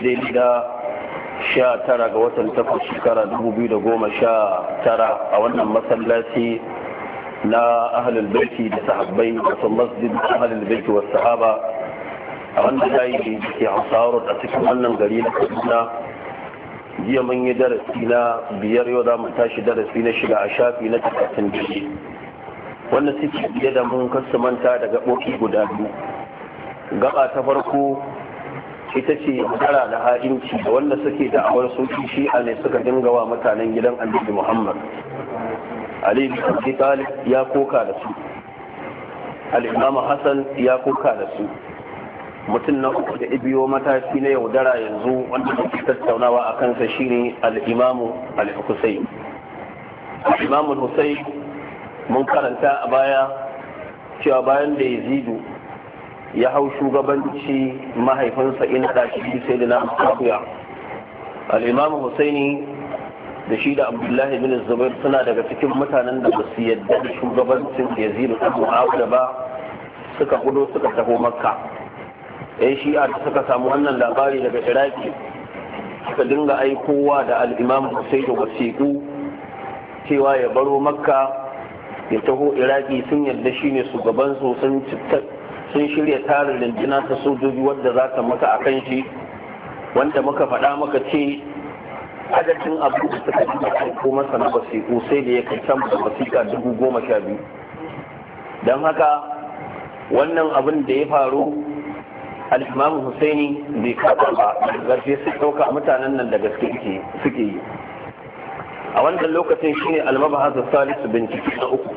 daidai da sha tara ga watan takwas shekara dubu biyu da goma sha tara a wannan masallaci na ahalul baiti da sahabbai wasu masjid ahalul baiti wasu sahaba a wannan layi da ke hausawar a cikin wannan gari na kaduna jiya mun yi darasi na biyar yau za mu tashi darasi na shiga a shafi na takardun jiki wanda suke biye da mun kasu manta daga ɓoki guda biyu gaba ta farko ita ce magana da ha'inci da wanda suke da da'awar soki shi a ne suka dinga wa mutanen gidan annabi muhammad ali bin talib ya koka da su al-imam hasan ya koka da su mutum na uku da ibiyo mataki na yaudara yanzu wanda muke tattaunawa a kansa shine al imam al-husayn al-imamu al-husayn mun karanta a baya cewa bayan da yazidu ya hau shugabanci mahaifinsa ina da shi sai da na abubuwa al'imamu husaini da shi da abdullahi bin zubair suna daga cikin mutanen da ba su yadda da shugabancin da yazidu ta mu'awuda ba suka gudo suka taho makka yan shi'a da suka samu wannan labari daga iraki suka dinga aikowa da al'imamu husaini da wasiƙu cewa ya baro makka ya taho iraki sun yarda shine shugabansu sun sun shirya tarin rundunar ta sojoji wadda za ta maka a kan shi wanda muka faɗa maka ce adadin abu da suka ji da ko masa na wasiƙu sai da ya kai can wasiƙa dubu goma sha biyu don haka wannan abin da ya faru al-imamu husaini bai kaɗa ba garfe su ɗauka mutanen nan da gaske suke yi a wannan lokacin shine al-mabahasa salisu bincike na uku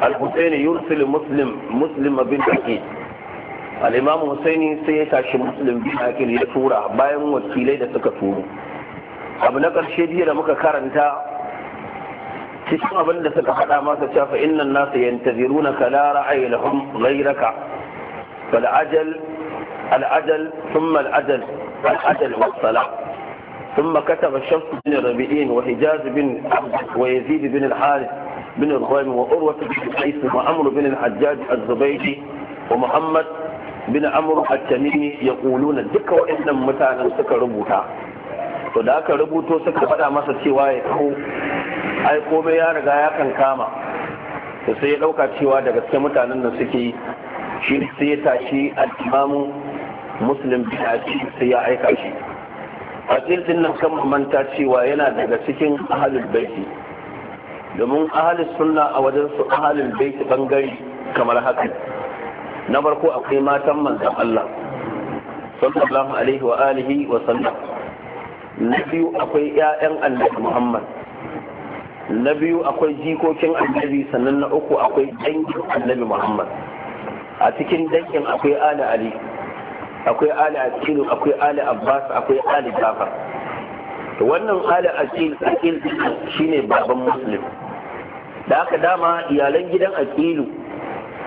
al husaini yursil muslim muslim bin aqil al-imam husaini sai ya tashi muslim bin aqil ya tura bayan wakilai da suka turo abu na karshe jiya da muka karanta cikin abin da suka faɗa masa cewa fa innan nasu yantaziruna kala ra'ayi lahum ghayraka fal ajal al ajal thumma al ajal al ajal was salah ثم كتب الشمس بن ربيعين وحجاز بن عبد ويزيد بن الحارث بن الخويم وأروة بن قيس وعمر بن الحجاج الزبيدي ومحمد بن عمرو التميمي يقولون دكا وإن متانا سكا ربوتا to da aka rubuto suka faɗa masa cewa ya kawo ai komai ya riga ya kan kama to sai ya ɗauka cewa da gaske mutanen nan suke shi sai ya tashi al'imamu muslim bin sai ya aika shi a din nan kan manta cewa yana daga cikin ahalul baiti domin ahalin sunna a wajen su ahalin baiti bangare kamar haka na farko akwai matan manzan Allah sallallahu alaihi wa alihi wa sallam na biyu akwai ƴaƴan annabi Muhammad na biyu akwai jikokin annabi sannan na uku akwai dangin annabi Muhammad a cikin dangin akwai ali ali akwai ali aqil akwai ali abbas akwai ali jafar wannan ali aqil aqil shine baban muslim da aka dama iyalan gidan aqilu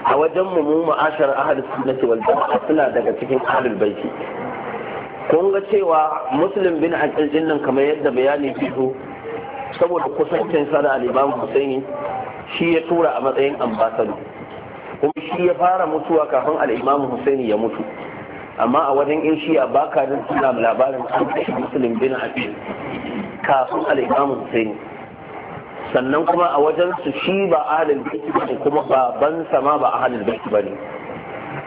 a wajen mu mu ma'ashar ahlus sunnati wal jama'a suna daga cikin ahlul baiti kun ga cewa muslim bin aqil din kamar yadda bayani fito saboda kusancin sa da al-imam Husaini shi ya tura a matsayin ambasado kuma shi ya fara mutuwa kafin al-imam Husaini ya mutu amma a wajen in shi a baka nan suna labarin an kashe muslim bin aqil kafin al-imam Husaini sannan kuma a wajen su shi ba ahalin baiti ba kuma ba ban sama ba ahalin baiti ne.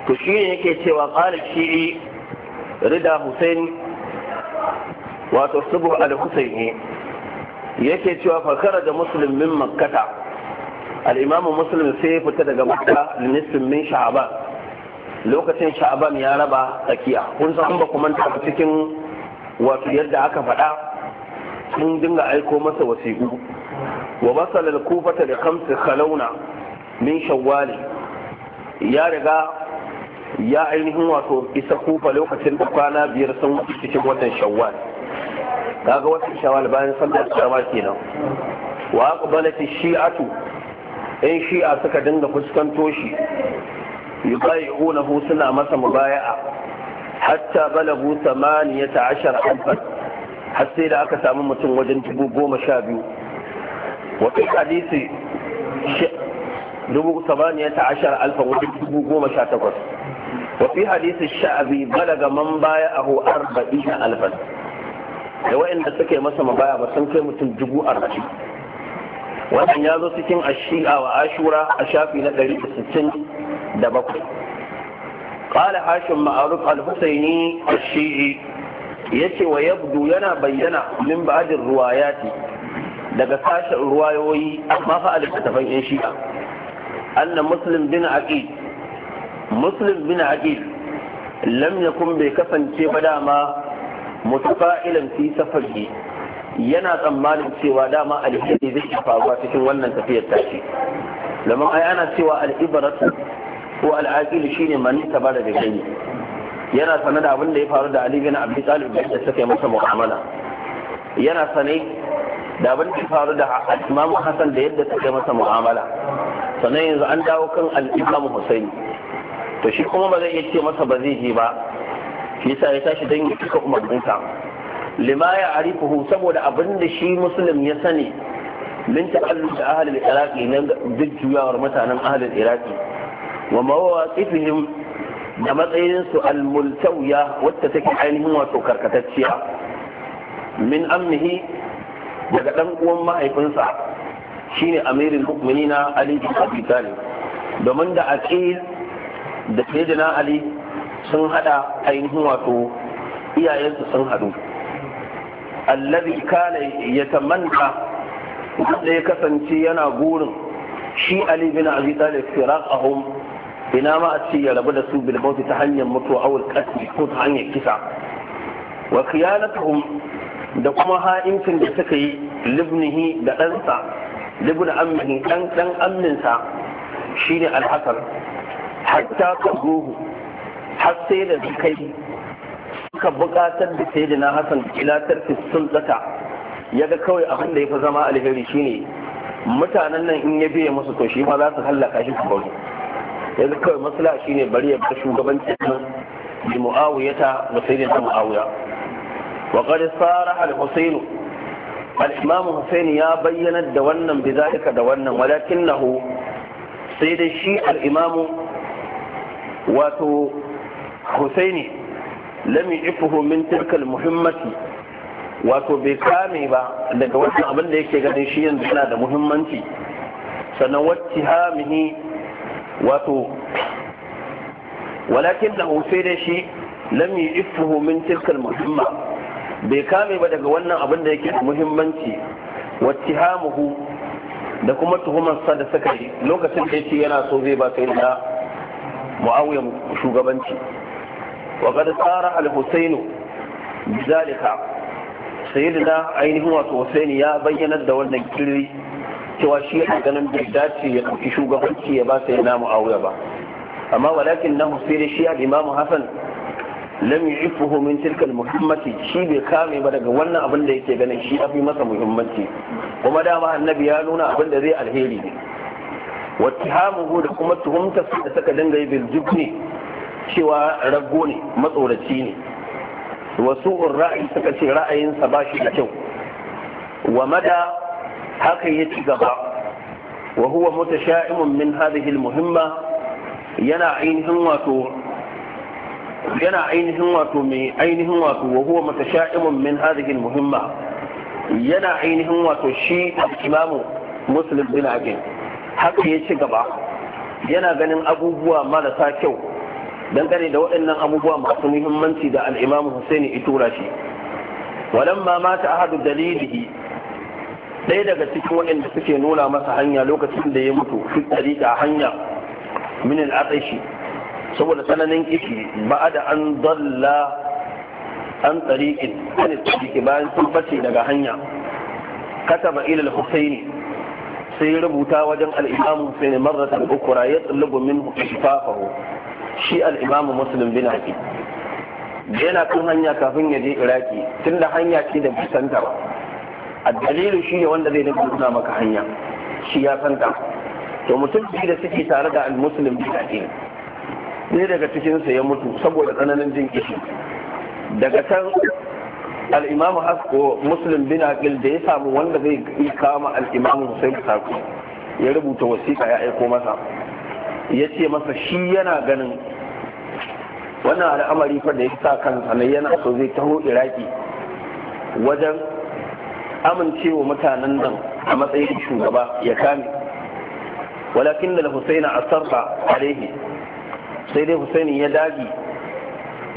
to shi ne yake cewa qala shi rida husain wato subu al-husaini yake cewa fakara da muslim min makkata al-imamu sai fita daga makka nisfin min sha'ban lokacin sha'ban ya raba tsakiya kun san ba kuma ta cikin wato yadda aka faɗa sun dinga aiko masa wasiƙu Wa masanal kufata da kamfi kalawna min shawwali. Ya daga ya ainihin wasan isa kufa lokacin kwana biyar sun wuce cikin wannan shawwal. Ka ga wasu ishawar bayan sanda su taimaki Wa ku ba ni Yan Shi'a suka dinga kuskan toshi. Yi kayi suna masa mubaya'a. Hata bala mu samaniya ta sai da aka samu mutum wajen dubu goma sha biyu. وفي حديث دبو ثمانية عشر ألف ودبو قوم شاتقص وفي حديث الشعبي بلغ من بايعه أربعين ألفا لو إن سكي مسا مبايع بسنكي متن دبو أربعين wannan ya zo cikin ashi'a wa ashura a shafi na 167 qala hashim ma'ruf al-husaini ash-shi'i yace wa yabdu yana bayyana min ba'dir daga sashen ruwayoyi amma fa a littattafan yan shi'a anna muslim bin aqil muslim bin lam yakun bai kasance ba dama mutafa'ilan fi safari yana tsammanin cewa dama alheri zai faruwa cikin wannan tafiyar tashi domin ai ana cewa al'ibaratu ko al'aqil shine man tabara da gani yana sanar da abin da ya faru da Ali bin Abi Talib da suka yi masa mu'amala yana sanai. da abin da faru da imam hassan da yadda suka masa mu'amala sannan yanzu an dawo kan al'imamu husaini to shi kuma ba zai iya ce masa ba zai je ba shi yasa ya tashi don ya cika umarninsa lima ya arifuhu saboda abinda shi musulun ya sani min ta'allu da ahalil iraqi nan duk juyawar mutanen ahalil iraqi wa mawaqifihim da matsayinsu al-multawiya wacce take ainihin wato karkatacciya min amnihi daga dan uwan mahaifinsa shine amirul mu'minina ali bin abi talib domin da ake da sayyidina ali sun hada ainihin wato iyayensu sun hadu allazi kana yatamanna wanda ya kasance yana gurin shi ali bin abi talib firaqahum ina ma a ce ya rabu da su bil ta hanyar mutuwa awul qatl ko ta hanyar kisa wa khiyanatuhum da kuma ha'incin da suka yi libnihi da ɗansa libni amini ɗan ɗan amminsa shi ne alhassan hatta ka gohu har sai da suka yi suka buƙatar da sai da na hassan ilatar sun tsaka ya ga kawai abin da ya fi zama alheri shine mutanen nan in ya biya musu to shi ma za su hallaka shi su baro yanzu kawai masala shine bari ya bar shugabancin nan bi mu'awiyata da sai da وقد صارح الحسين الإمام حسين يا بينا دونا بذلك دونا ولكنه سيد الشيء الإمام واتو حسيني لم يعفه من تلك المهمة wato bai kame ba daga wannan abin yake ganin shi yanzu yana da muhimmanci sannan wacce hamihi wato walakin da sai da shi muhimma bai kame ba daga wannan abin da yake da muhimmanci hamuhu da kuma tuhumarsa da suka yi lokacin da yake yana so zai ba sai da muawiya shugabanci wa qad sara al sai bizalika sayyidina ainihin wato Hussaini ya bayyana da wannan kirri cewa shi a ganin bai dace ya kuki shugabanci ya ba sai na muawiya ba amma walakin na husaini shi al-imamu hasan lam yu'iffuhu min tilka muhimmati shi bai kame ba daga wannan abin da yake ganin shi afi masa muhimmanci kuma dama annabi ya nuna abin da zai alheri ne da kuma tuhumta da suka dinga yi bil jubni cewa rago ne matsoraci ne wasu ra'ayi suka ce ra'ayinsa ba shi da kyau wa mada haka ya ci gaba wa huwa mutasha'imun min hadhihi al-muhimma yana ainihin wato yana ainihin wato mai ainihin wato wa huwa mutasha'imun min hadhihi muhimma yana ainihin wato shi imamu muslim bin abin haka ya ci gaba yana ganin abubuwa marasa kyau dangane da waɗannan abubuwa masu muhimmanci da al'imamu husaini itura shi walamma mata ahadu dalilihi ɗaya daga cikin waɗanda suke nuna masa hanya lokacin da ya mutu fi a hanya min shi. saboda tsananin kiki, ba da an dalla an tsariƙin an tsariƙi bayan sun bace daga hanya kataba ilal husaini sai rubuta wajen al'imamu sai marar marratan ukura ya tsallubu min shifafahu shi al'imamu musulun bin haƙi yana kan hanya kafin ya je iraki tun da hanya ce da kusanta ba a dalilu shi ne wanda zai nuna maka hanya shi ya santa to mutum da suke tare da al-muslim bin haƙi ne daga cikinsa ya mutu saboda tsananin jin kishi daga can al'imamu hasko muslim bin aqil da ya samu wanda zai yi kama al'imamu hussein saku ya rubuta wasiƙa ya aiko masa ya ce masa shi yana ganin wannan al'amari fa da ya sa kan ne yana so zai taho iraki wajen amincewa mutanen nan a matsayin shugaba ya kame walakin da hussein asarfa alaihi sai dai husaini ya dagi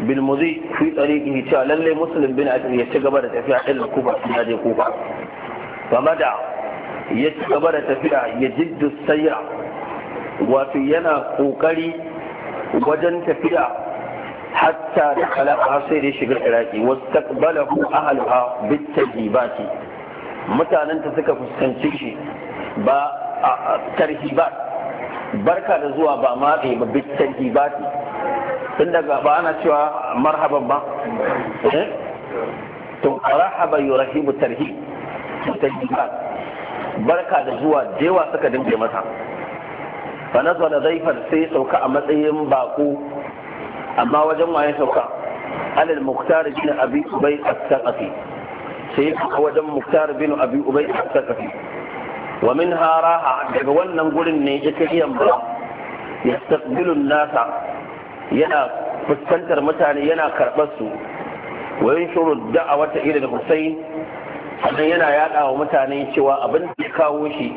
bilmuzi fi tsariƙi cewa lallai musulun bin ya ci gaba da tafiya ilil kuba ya je kuba game da ya ci gaba da tafiya ya jiddu sayra wato yana ƙoƙari wajen tafiya hatta da alaƙa sai dai shiga iraki wasu takbalahu ahalha bitajibati mutanen ta suka fuskanci shi ba a tarhibat barka da zuwa ba matse ba bitanti ba tun daga ba ana cewa marhaban ba eh? tun marhaba yurahibu tarhi tajjibat barka da zuwa jewa suka ba masa zuwa da zaifar sai sauka a matsayin baƙo. amma wajen waye sauka alal muktar bin abi ubai a saqafi sai wajen muktar bin abi ubai a saqafi wa min haraha daga wannan gurin ne ita iyan ba ya stabilun nasa yana fuskantar mutane yana karɓar su wa yin shuru da'awata ila da husayn sannan yana yaɗa wa mutane cewa abin da ya kawo shi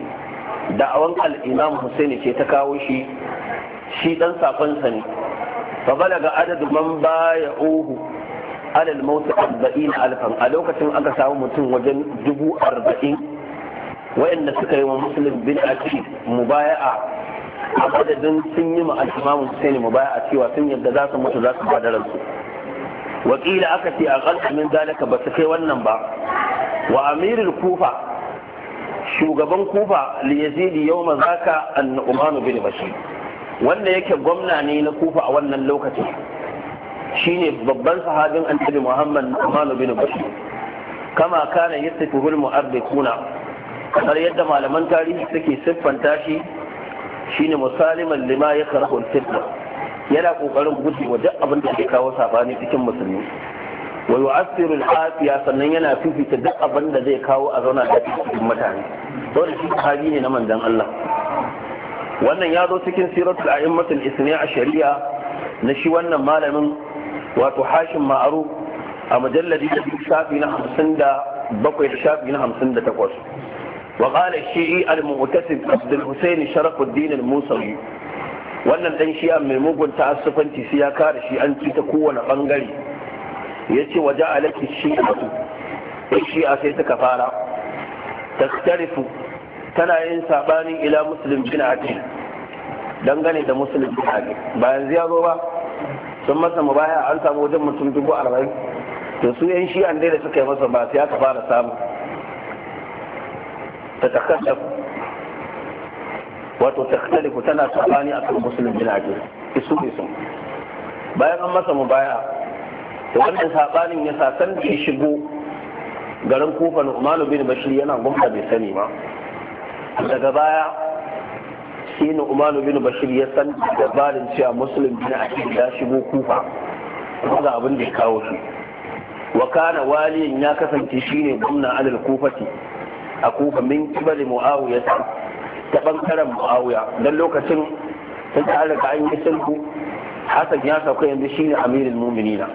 da'awan al-imam Hussaini ce ta kawo shi shi dan safan sa ne fa balaga adadu man ala alal mawt 40000 a lokacin aka samu mutum wajen dubu arba'in wa'anda suka yi wa muslim bin aki mubaya'a a madadin sun yi ma al-imamu husaini mubaya'a cewa sun yadda za su mutu za su bada ransu wakila aka ce a ƙalƙa min zalika ba su kai wannan ba wa amirul kufa shugaban kufa li yazidi yawma zaka an bin bashir wanda yake gwamna ne na kufa a wannan lokacin shine babban sahabin annabi muhammad nu'man bin bashir kama kana yastafihu al-mu'arrikhuna kamar yadda malaman tarihi suke siffanta shi shine musaliman lima ya karahu fitna yana kokarin guje wa duk abin da ke kawo sabani cikin musulmi wa yu'assiru al-afiya sannan yana fifita duk abin da zai kawo a zauna da cikin mutane dole shi sahabi ne na manzon Allah wannan ya zo cikin siratul a'immatul isniya a shari'a na shi wannan malamin wato hashim ma'aru a mujalladi da shafi na 57 da shafi na 58 وقال الشيعي المعتسب عبد الحسين شرف الدين الموسوي wannan dan shi'a mai mugun ta'assufanci sai ya kare shi an ci ta kowane bangare ce waje alaki shi a sai suka fara taktarifu tana yin sabanin ila muslim bin aqil dangane da muslim bin aqil bayan ziyaro ba sun masa mu baya, an samu wajen mutum dubu arba'in to su yan shi'an dai da suka yi masa ba sai aka fara samu تتخلف وتختلف تنا تقاني أكل مسلم بن عجل isu isu bayan an masa mubaya wannan sabanin ya sasan shigo garin kufa na bin bashir yana gwamna bai sani ba daga baya sai na bin bashir ya san labarin cewa musulun bin akil ya shigo kufa kuma ga abin da ya kawo shi wa kana waliyin ya kasance shine gwamna alal kufati a kufa min kibali muawiya ta bangaren muawiya dan lokacin sun ta riga an yi sulhu hasan ya sauka yanzu shine amirul mu'minina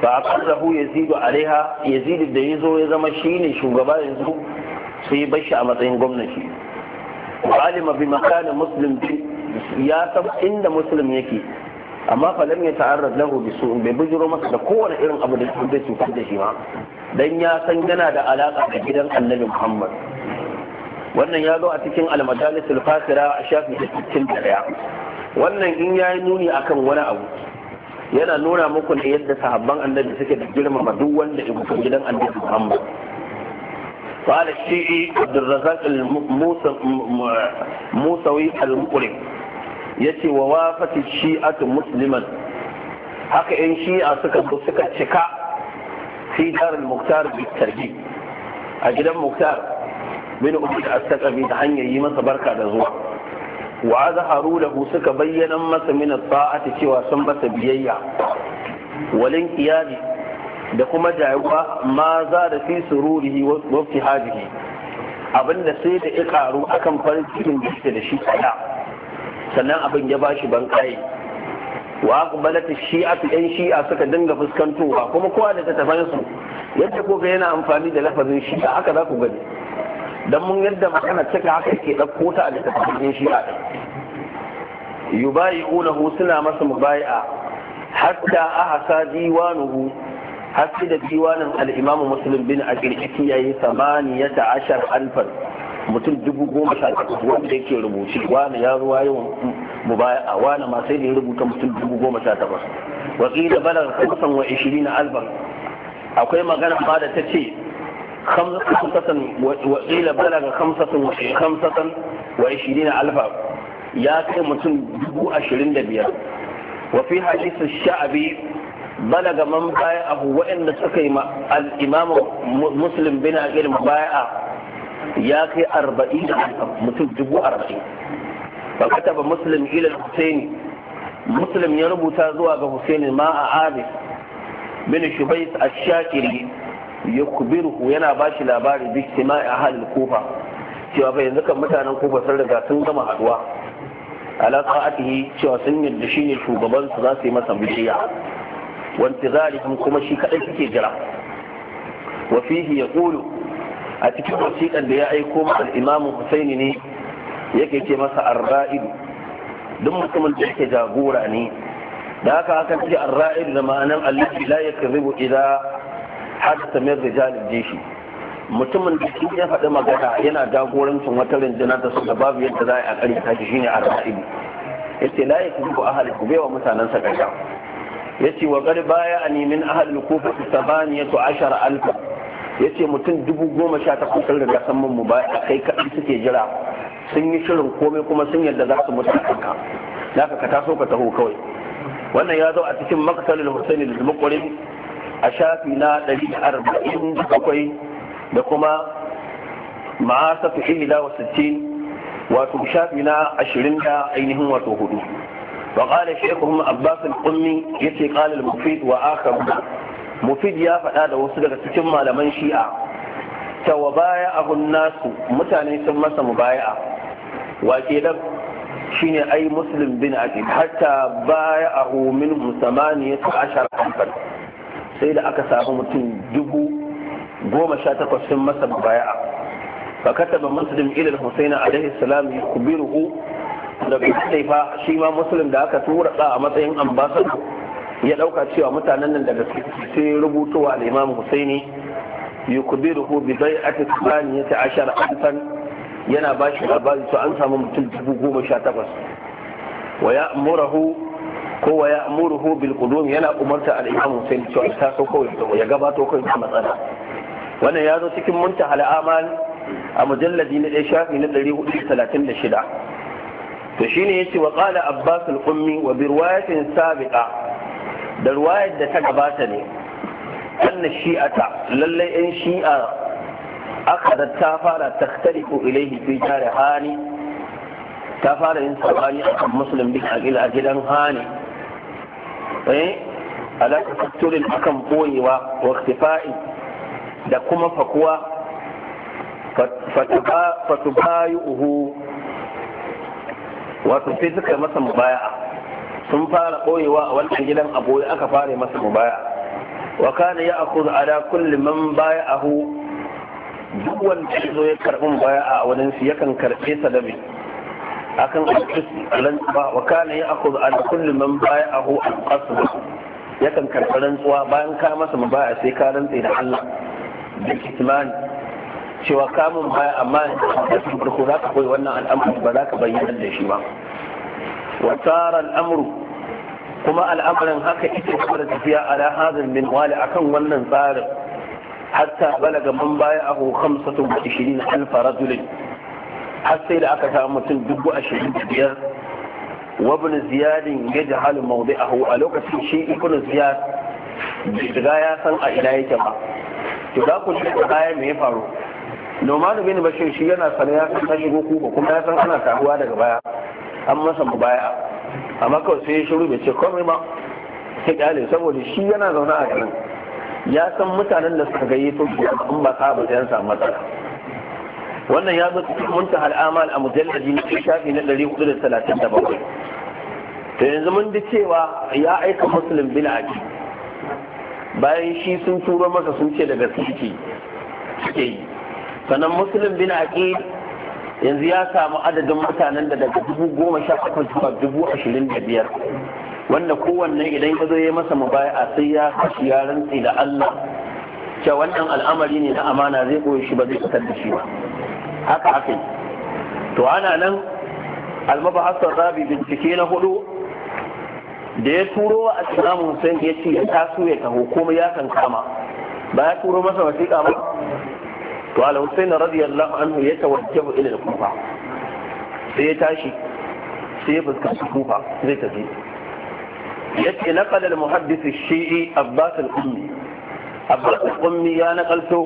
fa aqarrahu yazid alaiha yazid da zo ya zama shine shugaba yanzu sai bashi a matsayin gwamnati alima bi makanin muslim ya san inda muslim yake amma falam ya yata'arrad lahu bi su'in bai bujiro masa da kowane irin abu da zai cutar da shi ma dan ya san yana da alaka da gidan annabi Muhammad wannan ya zo a cikin al-majalisul fasira a shafi 61 wannan in yayi nuni akan wani abu yana nuna muku ne yadda sahabban annabi suke da girmama duk wanda ya fito gidan annabi Muhammad قال الشيعي عبد الرزاق الموسوي المقرم يتي ووافت الشيعة مسلما haka 'yan shi'a suka suka cika fi muktar bitargi a gidan muktar bin ubud as-saqafi ta hanyar yi masa barka da zuwa wa da lahu suka bayyana masa min sa'ati cewa sun basa biyayya walin qiyadi da kuma jayuwa ma za da fi sururihi wa hajihi abinda sai da ya akan farin cikin da shi tsaya sannan abin ya bashi ban kai wa aqbalat shi'atu yan shi'a suka dinga fuskantowa kuma kowa da tafan su yadda ko ga yana amfani da lafazin shi'a haka za ku gani dan mun yadda magana cika haka yake dauko ta a littafin shi'a yubayi'unahu suna masa mubayi'a hatta ahsa diwanuhu hatta da diwanin al-imamu muslim bin aqil yayi 18000 mutum dubu goma sha takwas wanda yake rubuce wani ya ruwa yawan mu baya a wani ma sai da ya rubuta mutum dubu goma sha takwas wakila Bala balar kusan wa ishirin na alban akwai magana ma da ta ce wakila Bala balar kamsatan wa ishirin na alfa ya kai mutum dubu ashirin da biyar wafi hadisu sha'abi balaga man baya abu waɗanda suka yi al'imamu muslim bin aqil mubaya'a ya kai arba'in da mutum dubu arba'in ba muslim ilal husaini muslim ya rubuta zuwa ga husaini ma a abis bin shubais a shakiri ya kubiru yana ba shi labari bi a halin kufa cewa bai yanzu kan mutanen kufa sun riga sun gama haduwa a sa'atihi cewa sun yadda shi ne shugaban su za su yi masa bishiya wanti zalikum kuma shi kaɗai suke jira wa fihi ƙulu a cikin wasiƙar da ya aiko ma al-Imam Husaini ne yake ce masa ar-ra'id duk mutumin da yake jagora ne da haka aka ce ar-ra'id da ma'anar allazi la idan idza ta min da al-jishi mutumin da shi ya faɗi magana yana jagorancin wata rinjina da suka babu yadda za a ƙarfi ta shine ar-ra'id yace la yakzibu ahli kubewa mutanen sa Ya ce wa qad baya a nemin ani ta baniya al-kufa 18000 ya ce mutum dubu goma sha takwas sun riga san mun ba a kai kaɗai suke jira sun yi shirin komai kuma sun yadda za su mutu a kanka da ka taso ka taho kawai wannan ya zo a cikin makasalin husaini da zubukurin a shafi na ɗari da arba'in da bakwai da kuma ma'asa fi ihila wa sittin wato shafi na ashirin da ainihin wato hudu وقال شيخهم عباس القمي يتي wa المفيد واخر mufid ya faɗa da wasu daga cikin malaman shi'a ta wa baya abun nasu mutane sun masa mu baya? wa ke da ne ai muslim bin aqil hatta baya ahu min ya ta ashar kamfan sai da aka samu mutum dubu goma sha takwas sun masa mu mubaya'a فكتب مسلم إلى الحسين عليه السلام يخبره da bai haɗe fa shi ma musulun da aka tura a matsayin ambasado ya dauka cewa mutanen nan daga sai rubutowa al-Imam Husaini yukbiruhu bi bai'ati thaniyati ashara alfan yana bashi labari to an samu mutum dubu goma sha takwas wa ya'murahu ko wa ya'muruhu bil qudum yana umarta al-Imam Husaini to ta so kawai ya gabato kawai da matsala wannan ya zo cikin muntahal amal a mujalladi na ɗaya shafi na ɗari hudu da talatin da shida to shine yace wa qala Abbas al-Ummi wa bi riwayatin sabiqa da ruwayar da ta gabata ne anna shi'ata lallai yan shi'a aka ta fara taktariku ilaihi fi jari hani ta fara yin sabani kan musulun bin a gidan hani eh alaka tatturin akan boyewa wa iktifa'i da kuma fakuwa uhu. wato sai suka masa mubaya'a sun fara ɓoyewa a wannan gidan aboye aka fara masa mubaya wa kana ya akhudhu ala kulli man bay'ahu duk wanda ya zo ya karbi baya a wurin su yakan karbe sa da akan rantsuwa wa kana ya akhudhu ala kulli man bay'ahu al-qasd yakan karbi rantsuwa bayan ka masa mubaya sai ka rantsa da Allah da kitmani cewa kamun baya amma da farko za ka koyi wannan al'amari ba za ka bayyana da shi ba wa tsara al'amuru kuma al'amarin haka ita kuma da tafiya ala hazin min wali akan wannan tsarin hatta balaga man baya a khamsatu wa ishirin alfa rajulin har sai da aka samu mutum dubu ashirin da biyar wabin ziyadin ya ji halin maudu a lokacin shi ibn ziyad daga ya san a ina yake ba to za ku ji kaya me ya faru nomadu bin bashir shi yana sanaya kan shigo kuka kuma ya san ana taruwa daga baya an masa baya. amma kawai sai ya shiru bai ce komai ba sai kyale saboda shi yana zaune a garin ya san mutanen da suka gayyato shi in ba ka ba sai an samu matsala wannan ya zo cikin munta al'amal a mujalladi na shafi na 437 to yanzu mun da cewa ya aika musulun bin aji bayan shi sun turo masa sun ce daga suke suke yi sannan musulun bin aji yanzu ya samu adadin mutanen da daga dubu goma sha takwas zuwa dubu ashirin da biyar wanda kowanne idan ya zo ya masa a sai ya kashi ya rantsi da Allah cewa wannan al'amari ne na amana zai koyi shi ba zai fitar da shi ba haka haka to ana nan almabahasar rabi bincike na hudu da ya turo a cikin Hussein ya ce ya taso ya taho komai ya kankama ba ya turo masa wasiƙa ba to al husayn radiyallahu anhu ya tawajjabu ila al-kufa sai ya tashi sai ya fuskanci kufa zai tafi yace naqal al-muhaddith ash-shi'i abbas al-ummi abbas al-ummi ya naqalto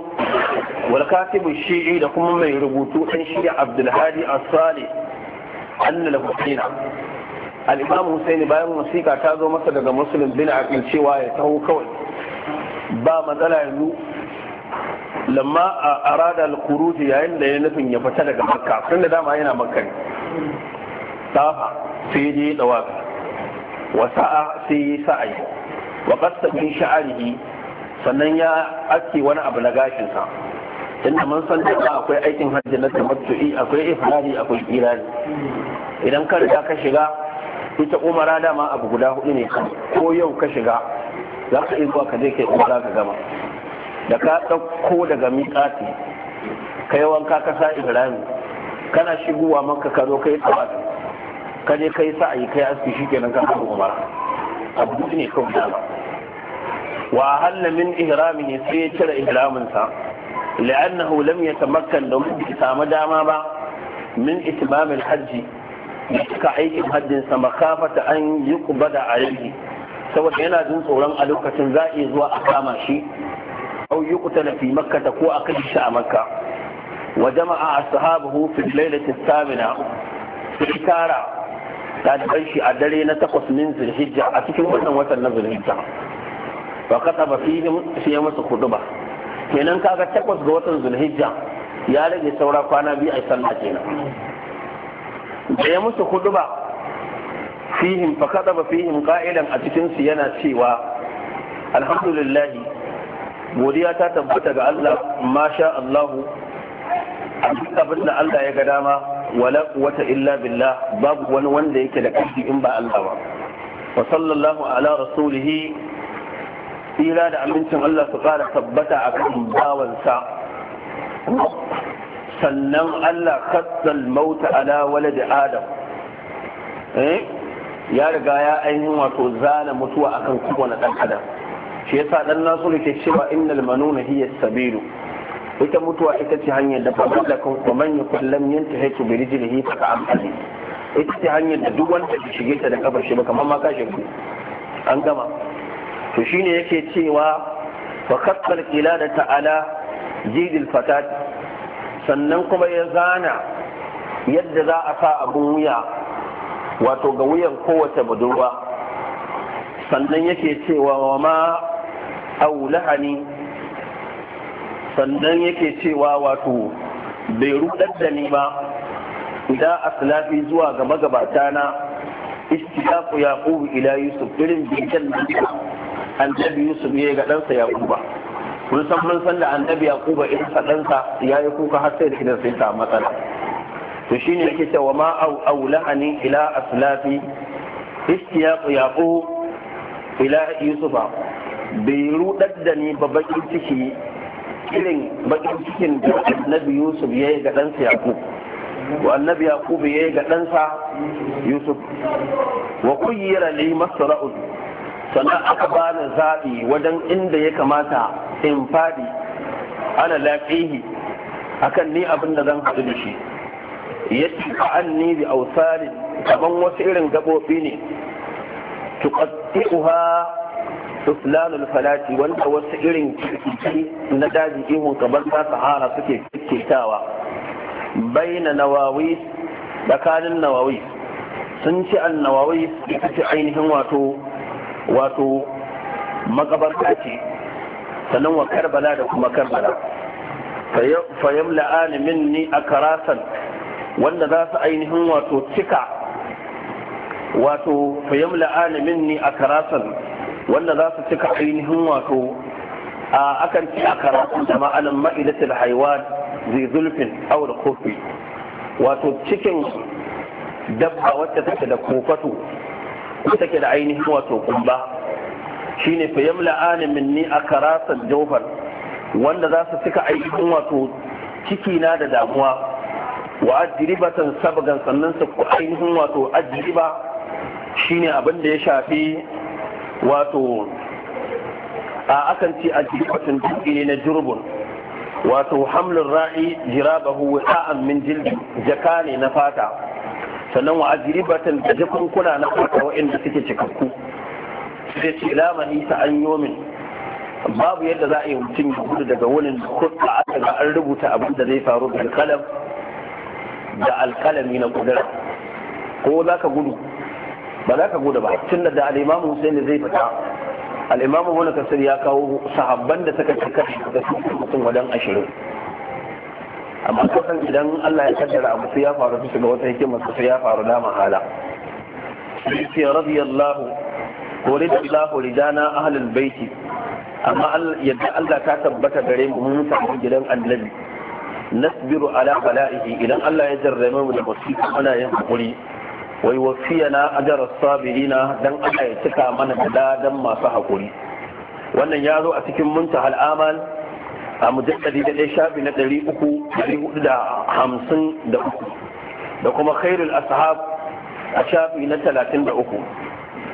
wal katib ash-shi'i da kuma mai rubutu dan shi'a abdul hadi as-salih anna al-husayn al-imam husayn bayan wasiƙa ta zo masa daga muslim bin aqil cewa ya taho kawai ba matsala yanzu lamma a arada al-khuruj yayin da ya nufin ya fita daga makka tun da dama yana makka ne tafa sai je dawaka wa sa'a sai yi sa'ayi wa qatta bi sha'rihi sannan ya ake wani abu na gashin sa inda mun san da akwai aikin hajji na tamattu'i akwai ifradi akwai irani idan ka riga ka shiga ita umara dama abu guda hudu ne ko yau ka shiga za ka iya zuwa ka je kai umara ka gama da ka ɗauko daga miƙati kai wanka ka sa ihrami kana shigowa maka ka zo kai tsawafi ka je kai sa ayi kai aski shikenan ka haɗu umara abu ne kawai dama wa halla min ihrami ne sai ya cire ihramin sa li'annahu lam yatamakkan da mun samu dama ba min itimamin hajji ka aikin hajjinsa sa makafata an a alayhi saboda yana jin tsoron a lokacin za a iya zuwa a kama shi أو يقتل في مكة كو a شاء مكة وجمع أصحابه في الليلة الثامنة في الكارة تدعيش أدري نتقص من ذي الحجة أتكلم أن وطن ذي الحجة فكتب فيهم في يوم الخطبة kenan kaga takwas ga watan zulhijja ya rage saura kwana biyu a sallah kenan da ya musu huduba fihim fa kadaba fihim qa'ilan a cikinsu yana cewa alhamdulillahi godiya ta tabbata ga Allah masha Allahu a duk abin da Allah ya ga dama wala quwwata illa billah babu wani wanda yake da ƙarfi in ba Allah ba wa sallallahu ala rasulihi tsira da amincin Allah su ƙara tabbata a kan bawansa sannan Allah katsal mauta ala walad adam eh? ya riga ya ainihin wato zana mutuwa akan kowane ɗan adam shi yasa dan nasu ke cewa innal manuna hiya Sabiru, ita mutuwa ita ce hanyar da fa da kan kuma man yakullam yantahi bi rijlihi fa ka amfani, ita ce hanyar da duk wanda ya shige ta da kafar shi ba kamar ma kashin ku an gama to shine yake cewa wa khatal da ta'ala jidil fatat sannan kuma ya zana yadda za a sa abun wuya wato ga wuyan kowace budurwa sannan yake cewa wa ma aw lahani sannan yake cewa wato bai rudar da ni ba da aslafi zuwa ga magabata na istiqaqu yaqub ila yusuf irin bikin da annabi yusuf ya ga ɗansa ba kun san mun san da annabi yaqub irin sa ɗansa ya yi kuka har sai da kidan sai ta matsala to shine yake cewa ma au aulani ila aslafi istiyaqu yaqub ila yusufa bai rudar da ni ba bakin ciki irin bakin cikin da annabi yusuf ya yi ga ɗansa yakub wa annabi yakub ya yi ga ɗansa yusuf wa kuyyira li masra'u sannan aka bani zaɓi wajen inda ya kamata in faɗi ana lafihi akan ni abin da zan haɗu da shi ya ci an bi ausarin kaman wasu irin gaɓoɓi ne tuqatti'uha suflanul falati wanda wasu irin kirkiki na daji ihun kaban ta sahara suke kirkitawa baina nawawi tsakanin nawawi sun ci an nawawi ita ce ainihin wato wato makabarta ce sannan wa karbala da kuma karbala fayam la'ani minni a karasan wanda za su ainihin wato cika wato fayam la'ani minni a karasan wanda za su cika ainihin wato a akan ci a karatu da ma'anin ma'idatul haiwan zai zulfin aure kofi wato cikin dabba wacce take da kofato ko take da ainihin wato kumba shine fa yamla ni minni karatun jofar wanda za su cika ainihin wato ciki na da damuwa wa ajribatan sabgan sannan su ainihin wato ajriba shine abin da ya shafi wato a akan ce a jirbatun dutse na jirgin wato hamlin ra'i jirabahu wa'a'an min jilbi jaka ne na fata sannan wa ajribatan da jakunkuna na fata waɗanda suke cikakku sai ce la manisa an yomin babu yadda za a yi mutum ya gudu daga wani kuka aka ga an rubuta abin da zai faru da alkalam da alkalami na kudura ko za ka gudu ba za ka gode ba tunda da al-imamu Hussein zai fita al-imamu Ibn ya kawo sahabban da suka cika da su mutum wadan ashirin. amma kasan idan Allah ya kaddara abu sai ya faru su ga wata hikima sai ya faru da mahala sai radiyallahu wa radiyallahu ridana ahlul baiti amma yadda Allah ta tabbata gare mu mun samu gidan annabi nasbiru ala bala'ihi idan Allah ya jarrame mu da musiba ana yin hakuri wai wasiyana ajarar sabirina dan Allah ya cika mana da ladan masu haƙuri wannan ya zo a cikin munta al'amal a mujalladi da ɗaya shafi na ɗari uku ɗari hudu da hamsin da uku da kuma khairul ashab a shafi na talatin da uku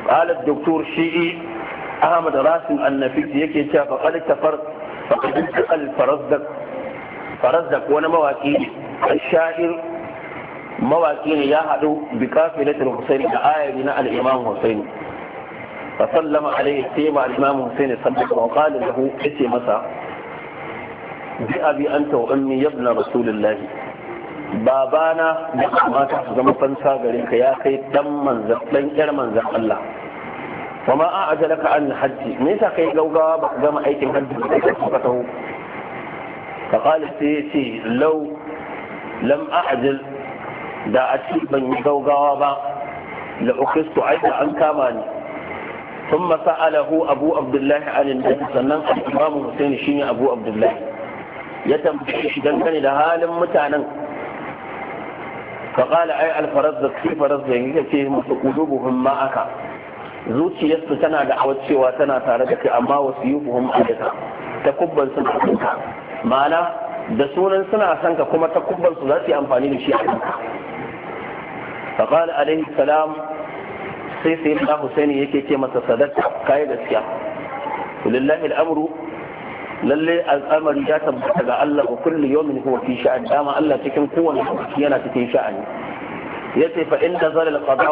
قال الدكتور شيعي أحمد راسم yake يكي شاف قد التفر فقد التقى الفرزدق فرزدق ونمواكي shahir. mawaki ne ya haɗu bi kafilatul husaini da ayari na al-imam husaini fa sallama alaihi sayyid al-imam husaini sallallahu alaihi wa sallam yace masa bi abi anta wa ummi yabna rasulullahi babana da kamata su zama fansa gare ka ya kai dan manzan dan yar manzan Allah wa ma a ajalaka an hajji me yasa kai gaugawa ba ka gama aikin hajji ba ka taho فقال سيتي لو لم أعجل da a ci ban yi gaugawa ba la ukhistu aida an kama ni ثم masa Alahu Abu Abdullahi عن النبي sannan الإمام حسين shine Abu Abdullahi. ya tambaye shi dangane da halin mutanen فقال أي الفرزدق في فرزدق يكفي قلوبهم معك zuci yasu tana da awar cewa tana tare da kai amma wasu yi buhun alika ta kubban suna kanka ma'ana da sunan suna son ka kuma ta kubban su za su yi amfani da shi a kanka فقال عليه السلام sai sai na Husaini yake ce masa sadaka kai gaskiya lillahi al'amru lalle al'amari ya tabbata ga Allah wa kullu yawmin huwa fi sha'an dama Allah cikin kowanne yana cikin sha'ani yace fa in nazala al-qada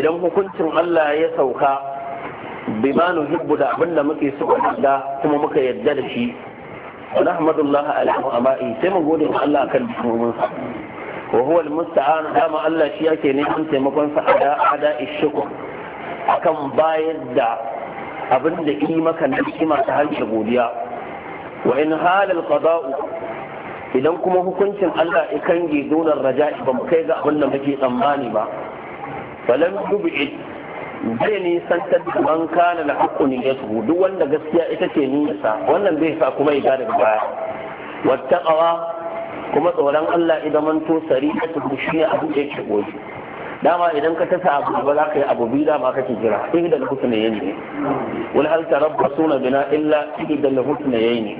idan hukuncin Allah ya sauka bima nuhibbu da abinda muke so da kuma muka yadda da shi wa nahmadullah ala ama'i sai mu gode wa Allah kan dukkan wa huwa almusta'an dama Allah shi yake neman taimakon sa ada ada ishku akan bayar da abin da yi maka na kima ta harshe godiya wa in halal qada'u idan kuma hukuncin Allah ya kange donar raja'i ba mu kai ga abin da muke tsammani ba falam yub'id bai nisantar da man kana na haƙƙo ne ya duk wanda gaskiya ita ce nisa wannan bai sa kuma ya daga baya wattaqawa kuma tsoron Allah idan manto sarihatu shi ne abu da yake goyi dama idan ka tasa abu ba za ka yi abu biyu dama kake jira sai da husna yayi ne wal hal tarabbasuna bina illa da husna yayi ne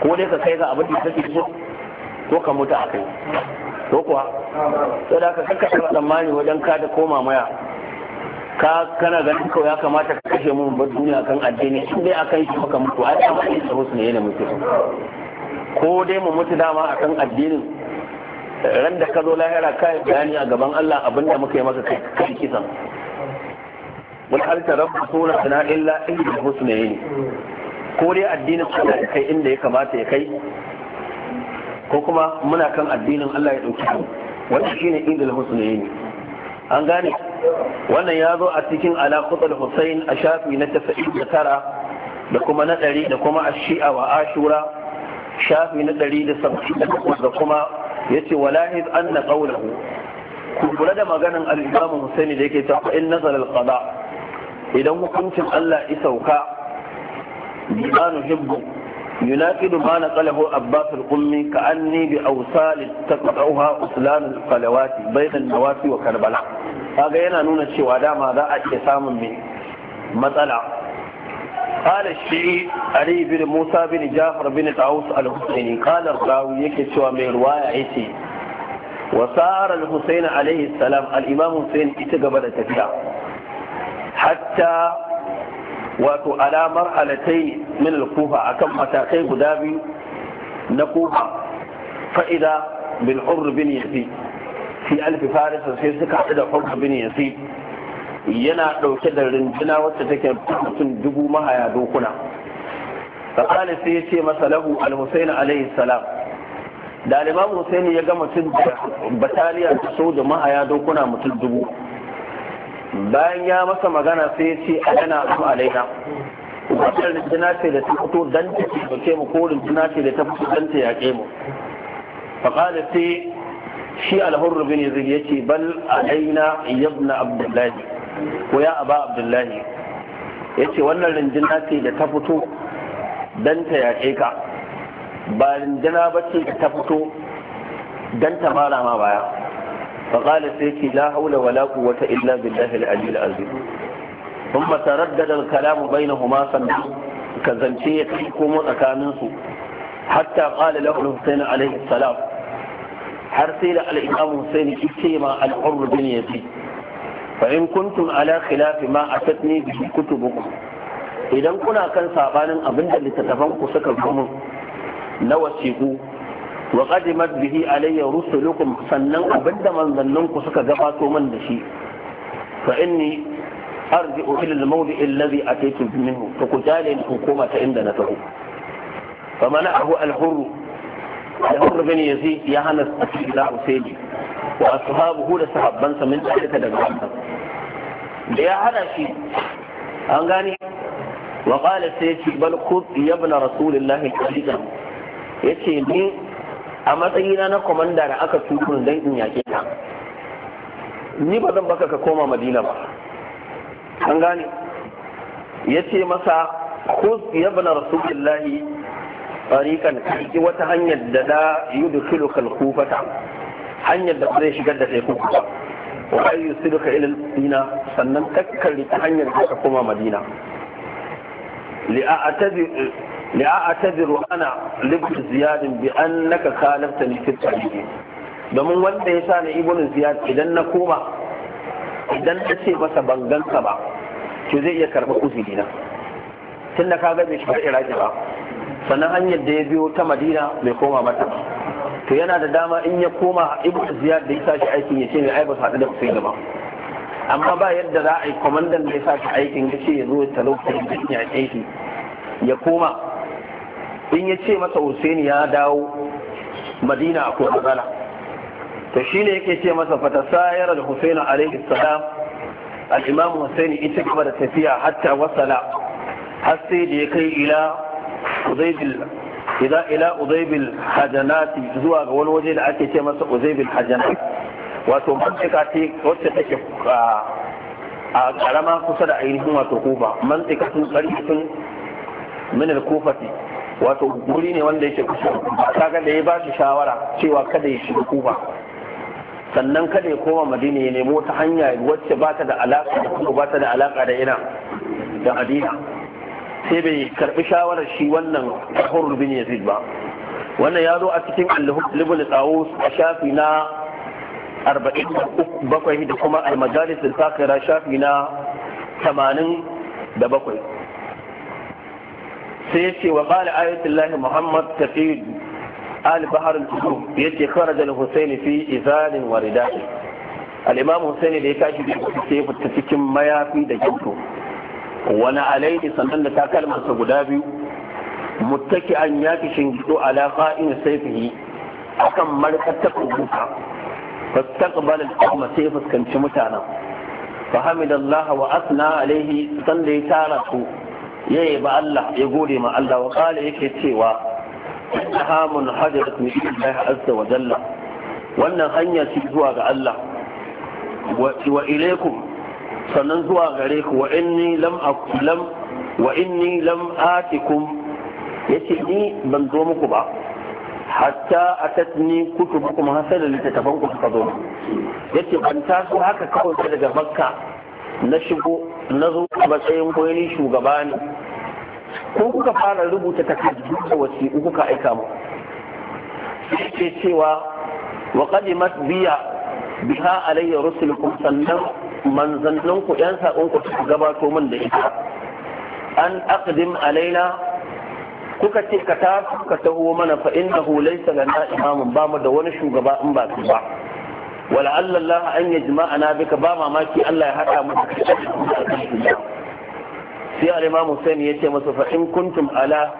ko dai ka kai ga abin da kake so ko ka mutu kai ko kuwa sai da ka kaka tsammani wajen ka da koma maya ka kana ganin kawai ya kamata ka kashe mun bar duniya kan addini in dai akan shi ka mutu ai amma ne husna yayi ne mutu ko dai mu mutu dama akan addinin ran da ka zo lahira kai bayani a gaban Allah abinda muka yi maka kai kisan wal hal suna sana illa illa husnayn ko dai addinin Allah ya kai inda ya kamata ya kai ko kuma muna kan addinin Allah ya dauki mu wannan shine indal husnayn an gane wannan ya zo a cikin ala khutul husayn a shafi na 99 da kuma na 100 da kuma ashi'a wa ashura shafi na ɗari da kuma ya ce walahid an na ƙaunahu kula da maganar al'imamu musaini da yake tafi in nazar al idan hukuncin allah isa wuka bimanu hibbu yunaqidu ma naqalahu abbas al-ummi ka anni bi awsal taqta'uha uslan al-qalawat bayn an-nawasi wa karbala kaga yana nuna cewa dama za a iya samun mai matsala قال الشيعي علي بن موسى بن جعفر بن طاووس الحسيني قال الراوي yake cewa mai ruwaya yace wa sar al-husayn alayhi salam al-imam husayn ita gaba da tafiya hatta wato alamar marhalatai min al-kufa akan matakai guda biyu na kufa fa'ida bil hurr bin yasi fi alf faris sai suka haɗu da hurr bin yasi yana ɗauke da rinjina wacce take mutum dubu mahaya dokuna fakali sai ya ce masa lahu al-husaini alaihi salam Daliban husaini ya ga mutum da bataliya ta so da mahaya dokuna mutum dubu bayan ya masa magana sai ya ce a yana am alaina wata rinjina ce da ta fito dan ta ce mu ko rinjina ce da ta fito dan ta yake mu fakali sai shi al-hurr bin yazid yace bal alaina ibn abdullahi ko ya aba abdullahi ya ce wannan rinjina ce da ta fito don ta yaƙe ka ba rinjina ba ce da ta fito don ta mara ma baya faƙalar sai ce la haula wala quwwata illa billahi al-aliyyil azim ثم تردد الكلام بينهما سنة كزنشية تحكم أكامنسو حتى قال له الحسين عليه السلام حرسيل الإمام حسين كتيما الحر بن يزيد fa in kuntum ala khilafi ma atatni bi kutubukum idan kuna kan sabanin abinda littattafan ku suka gumu na wasiku wa qadimat bihi alayya rusulukum sannan abinda manzannin ku suka gabato man da shi fa inni arji'u ila al-mawdi alladhi ataytu minhu fa kutale hukuma ta inda na taho fa mana'ahu al-hurr al-hurr bin yazid ya hana ila usaidi wa ashabuhu da sahabbansa mun dalika daga wannan da ya hada shi an gane wa qala sai ce bal khud yabna rasulillahi qadidan yace ni a matsayina na komanda da aka tuku dan in yake ta ni ba zan baka ka koma madina ba an gane yace masa khud yabna rasulillahi tariqan ki wata hanyar da da yudkhiluka al-kufata hanyar da ba zai shigar da kai ku ba wa ay yusiluka ila dina sannan takkari ta hanyar da ka koma madina li a li a'tadiru ana libtu ziyadin bi annaka ni fi tariqi domin wanda ya sa na ibnu ziyad idan na koma idan ta ce masa ban ba to zai iya karɓa uzuri na tunda ka ga bai ba sannan hanyar da ya biyo ta madina bai koma mata ba to yana da dama in ya koma ibn ziyar da ya shi aikin ya ce ne ai faɗi da kusai gaba amma ba yadda za a yi kwamandan da ya tashi aikin ya ce ya zo ta lokacin da ya aiki ya koma in ya ce masa Hussein ya dawo madina a kuma matsala to shi ne yake ce masa fatasayar da Hussein alaihi salam al-imam Hussein ita gaba da tafiya hatta wasala har sai da ya kai ila Uzaydillah idan ila uzaibil hajanati zuwa ga wani waje da ake ce masa uzaibil hajanati wato mantika ce wacce take a karama kusa da ainihin wato kufa mantika sun karfin min al-kufati wato guri ne wanda yake kusa kaga da ya ba shi shawara cewa kada ya shiga kufa sannan kada ya koma madina ya nemo ta hanya wacce ba ta da alaka da kuma ba ta da alaka da ina da adina. sai bai karbi shawarar shi wannan hurul bin yazid ba wannan ya zo a cikin al-libul tsawus a shafi na 47 da kuma al-majalis al-sakira shafi na 87 sai ya wa qala ayatullahi muhammad taqi al-bahr al-qudum yace kharaja al-husayn fi izalin wa rida'i al-imam husayn da ya tashi sai ya fita cikin mayafi da jinto wani alaihi sannan da takalmarsa guda biyu muttaki an yaki shingido ala qa'in sayfihi akan markatta kubuta fastaqbala al-qawma sai fuskanci mutanen fa hamidallahi wa asna alaihi sannan ya tara su yayi ba Allah ya gode ma Allah wa qala yake cewa hamun munhadirat min Allah azza wa jalla wannan hanya ce zuwa ga Allah wa ilaikum sannan zuwa gare ku wa lam akulam wa lam atikum ni ban zo muku ba hatta atatni kutubukum hasal litatafan ku suka zo ce ban taso haka kawai daga makka na shigo na zo a matsayin koyani shugaba ne ko kuka fara rubuta takardu da wasiƙu kuka aika mu ce cewa wa qadimat biya biha alayya rusulukum sannan manzanninku yan saƙonku su gabato min da ita an aqdim alaina kuka ce ka ta ka taho mana fa innahu laysa lana imamun ba mu da wani shugaba in ba su ba wala Allah an yajma'ana bika ba mamaki Allah ya hada mu sai al-imam Hussein ya ce masa fa in kuntum ala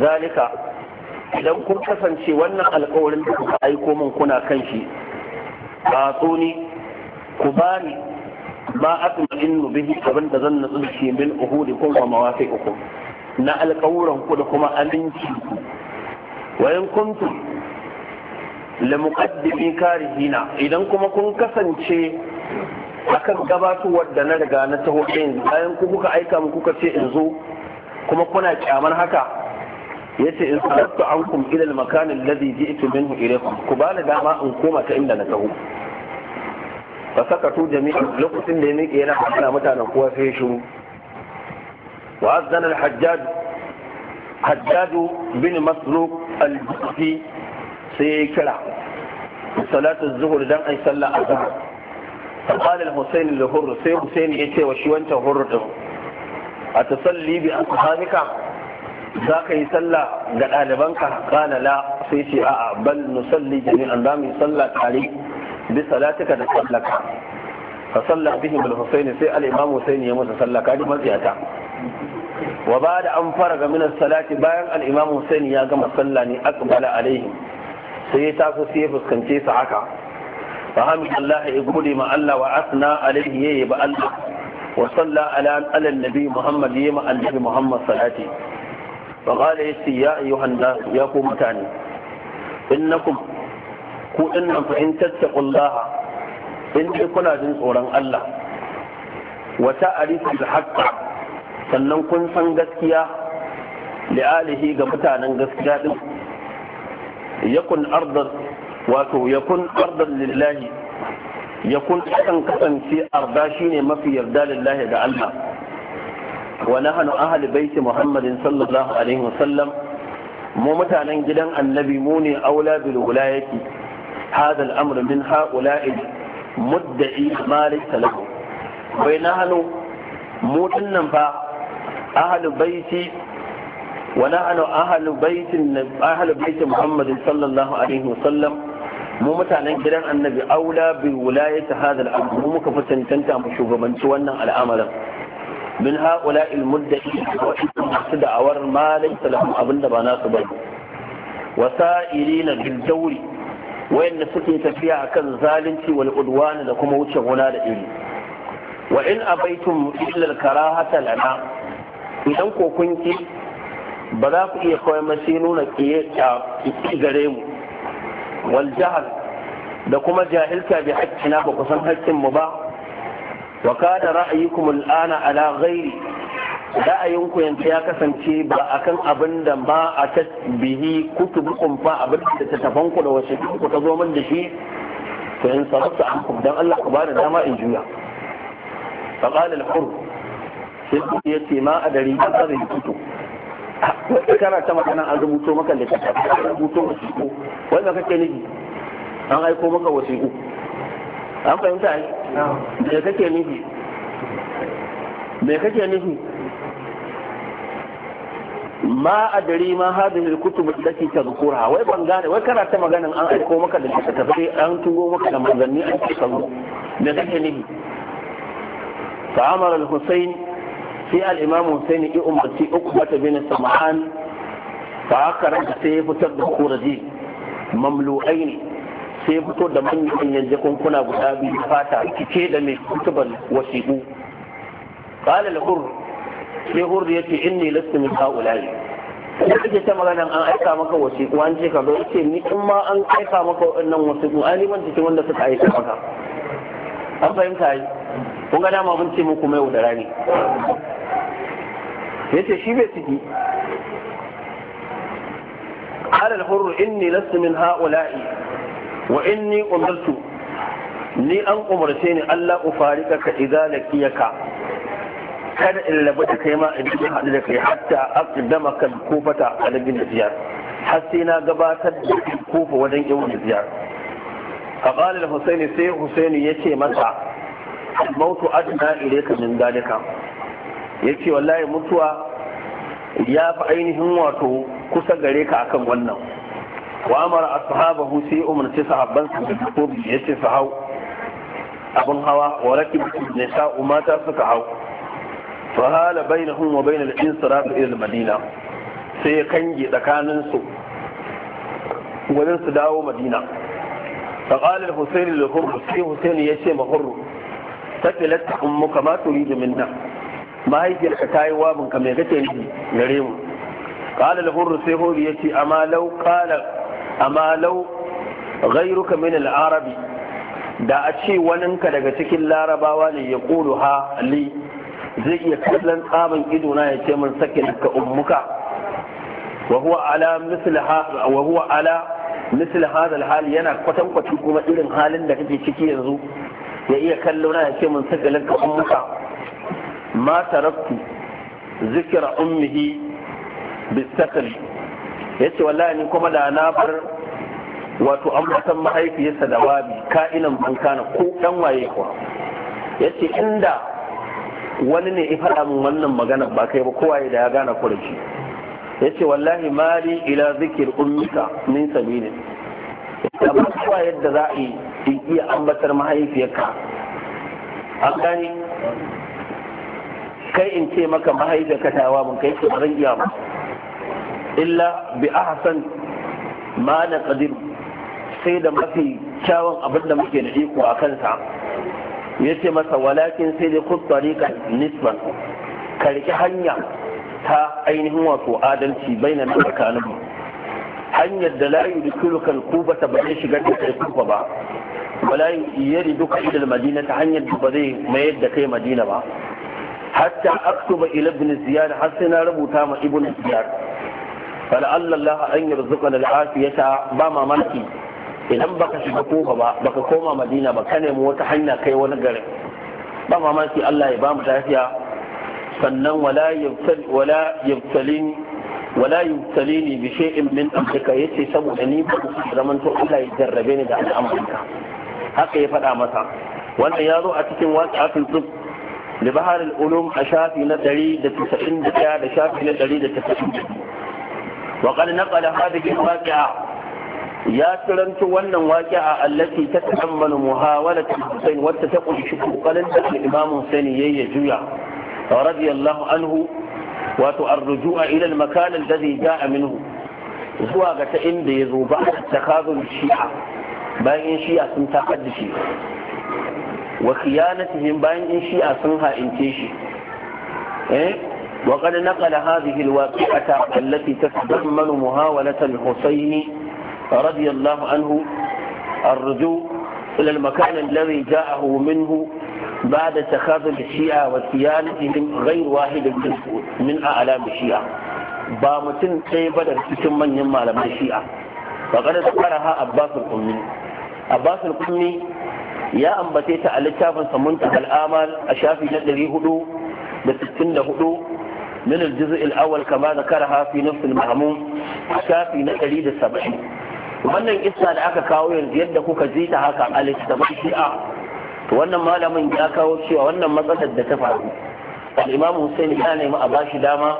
zalika idan kun kasance wannan alƙawarin da kuka aiko min kuna kan shi ba tsoni ku bani ma atma'innu bihi abin da zan nutsu shi min kuma wa uku, na alƙawuran ku da kuma aminci ku wa in kuntum la muqaddimi karihina idan kuma kun kasance akan gabatowar da na riga na taho ɗin bayan ku kuka aika mu kuka ce in zo kuma kuna kyamar haka yace in salattu ankum ila al-makan alladhi ji'tu minhu ilaykum ku ni dama in koma ta inda na taho ba saka tu jami'in lokacin da ya miƙe yana hana mutanen kuwa sai shi wa azzana al bin masruq al-bukhti sai ya kira salatu zuhur dan ay salla azhar fa qala al-husayn al sai husayn ya ce wa shi wancan hurr din atasalli bi ashabika za ka yi salla ga ɗalibanka kanala sai ce a'a bal nusalli jami'an za mu yi salla tare bi salatika da sallaka Ka salla bihi bil husaini sai al imam husaini ya masa sallaka ji matsiyata wa ba da an faraga min salati bayan al imam husaini ya gama salla ne aqbala alaihim sai ya taso sai ya fuskance su haka fa hamdallahi ya gode ma Allah wa asna alaihi yayi ba Allah wa salla ala ala nabi muhammad yayi ma annabi muhammad salati fa qala ya ayyuhan nas ya ku mutane innakum ku nan fa in tattaqullaha in dai kuna jin tsoron Allah wa ta'rifu al-haqqa sannan kun san gaskiya li alihi ga mutanen gaskiya din yakun ardan wato yakun ardan lillahi yakun kan kasance arda shine mafi yarda lillahi da Allah wa nahnu ahli baiti muhammadin sallallahu alaihi wasallam mu mutanen gidan annabi mu ne aula bil wilayati هذا الأمر من هؤلاء مدعي ما له ونحن موتنا أهل بيت ونحن أهل بيت أهل بيت محمد صلى الله عليه وسلم mu mutanen gidan annabi aula bi wulayati hadha al-amr mu muka fi tantanta mu shugabanci wannan al'amarin min haula al-mudda'i masu da'awar ma laysa lahum abinda ba nasu ba wasa'irina bil dauri. wayanda suke tafiya akan zalunci wal udwan da kuma wuce gona da iri wa in abaitum illa al karahata lana idan ko kun ki ba za ku iya kawai mace nuna kiye gare mu wal jahal da kuma jahilta bi haqqina ba kusan haƙƙin mu ba wa kana ra'ayukum al ana ala ghairi ku yanzu ya kasance ba akan abin da ba a kutu bukun fa abin da ta tafanku da wasu ku ta zo min da shi to in sabata ankum dan Allah ku bada dama in juya fa qala al-hur sai ku yace ma dari ka zai kutu kana ta magana an rubuto maka da ta rubuto Wani wanda kake nufi an aiko maka wasiku an fahimta ai me kake nufi me kake nufi ma adari ma hadhihi alkutub ta tadhkurha wai ban gane wai kana ta maganan an aiko maka da ta littattafai an tugo maka da manzanni an tsaro da kake nihi fa amara al-husayn sai al-imam husayn ya umarci ukbata bin samahan fa aka ranta sai ya fitar da kuraji mamlu'ain sai fito da manyan yanjakun kuna guda biyu da fata kike da mai kutubar wasiqu qala al sai hurri ya ce inni lastu min haula'i da kake ta magana an aika maka wasiƙu an ce ka zo ce ni in ma an aika maka wannan wasiƙu an liman cikin wanda suka aika maka an fahimta yi kun ga dama mun ce muku mai wudara ne yace shi bai ciki قال inni إني min من Wa inni umirtu ni an umarce ni Allah ufarika ka idza lakiyaka kan in labata kai ma in cikin haɗu da kai hatta aqdama kan kufata a lagin da ziyar har sai na gabatar da kofa wajen yawan da ziyar faqala al husayn sai husayn yace masa al mautu adna ilayka min dalika yace wallahi mutuwa ya fi ainihin wato kusa gare ka akan wannan wa amara ashabahu sai umarci sahabban su da kobi yace su hau Abin hawa wa rakibu ne sa suka hau fahala bainahum wa bainal insiraf ila al-madina sai kange tsakanin su wajen su dawo madina al-husayn الحسين للحر sai ya yace ma hurru tafilat ummuka ma turidu minna mahaifiyarka ta yi wabin ka mai kake ni gare mu qala al-hurr sai hurr yace amma law qala amma law ghayruka min al-arabi da a ce waninka daga cikin larabawa ne ya kulu ha li zai iya kallon tsaban ido na ya ce min sake ka ummuka wa huwa ala mislaha wa huwa ala misl hadha alhal yana kwatankwaci kuma irin halin da kake ciki yanzu ya iya kallo na ya ce min sakin ka ummuka ma taraktu zikra ummihi bisakal yace wallahi ni kuma da na bar wato an mutan mahaifiyarsa da babi ka'inan bankana ko dan waye kuwa yace inda wani ne ya faɗa min wannan magana ba kai ba kowa da ya gana kurashi ya ce wallahi mali ila zikir ummika min sabili da ba kowa yadda za a yi iya ambatar mahaifiyarka A gani kai in ce maka mahaifiyarka ta yawa mun kai ce ba zan iya ba illa bi ahsan ma na qadir sai da mafi kyawun abinda muke da iko a kansa ya ce masa walakin sai da kuttarika nisba ka riƙi hanya ta ainihin wato adalci bai na tsakanin hanyar da layu da kulukan kuba ta ba zai shigar da kai kuba ba wala yari duka idal madina ta hanyar da ba zai mayar da kai madina ba hatta aktuba ila ibn ziyad har sai na rubuta ma ibn ziyad fala Allah an yarzuqana al-afiyata ba mamaki idan baka shiga kofa ba baka koma madina ba ka nemi wata hanya kai wani garin ba mamaki Allah ya bamu lafiya sannan wala yabtalini wala yabtalini bi shay'in min amrika yace saboda ni ba zaman to Allah ya jarrabe ni da al'amuranka haka ya faɗa masa wannan ya zo a cikin wasi'atul tub da bahar ulum a shafi na 191 da shafi na 192 وقد نقل هذه الواقعه ya turanci wannan waƙi a allati ta ta'ammalu muhawalat Hussein wacce ta ƙunshi ƙoƙarin da Imam Hussein yayi ya juya radiyallahu anhu wato arruju'a ila al-makan alladhi ja'a minhu zuwa ga ta inda ya zo ba takazul shi'a bayan in shi'a sun takaddashi wa khiyanatihim bayan in shi'a sun ha'ince shi eh وقد نقل هذه الواقعة التي تتضمن محاولة الحسين رضي الله عنه الرجوع إلى المكان الذي جاءه منه بعد تخاذل الشيعة وصيانتهم غير واحد من أعلام الشيعة بامتن تيبا لكتم من يمع لما الشيعة فقد ذكرها أباس الأمي أباس الأمي يا أنبتيت على التافن منتهى الآمال أشافي هدوء هدو بستين هدو من الجزء الأول كما ذكرها في نفس المهموم أشافي نتليد السبعين wannan isa da aka kawo yanzu yadda kuka ji ta haka a littafin shi'a to wannan malamin ya kawo cewa wannan matsalar da ta faru al-imam Hussein ya nemi a bashi dama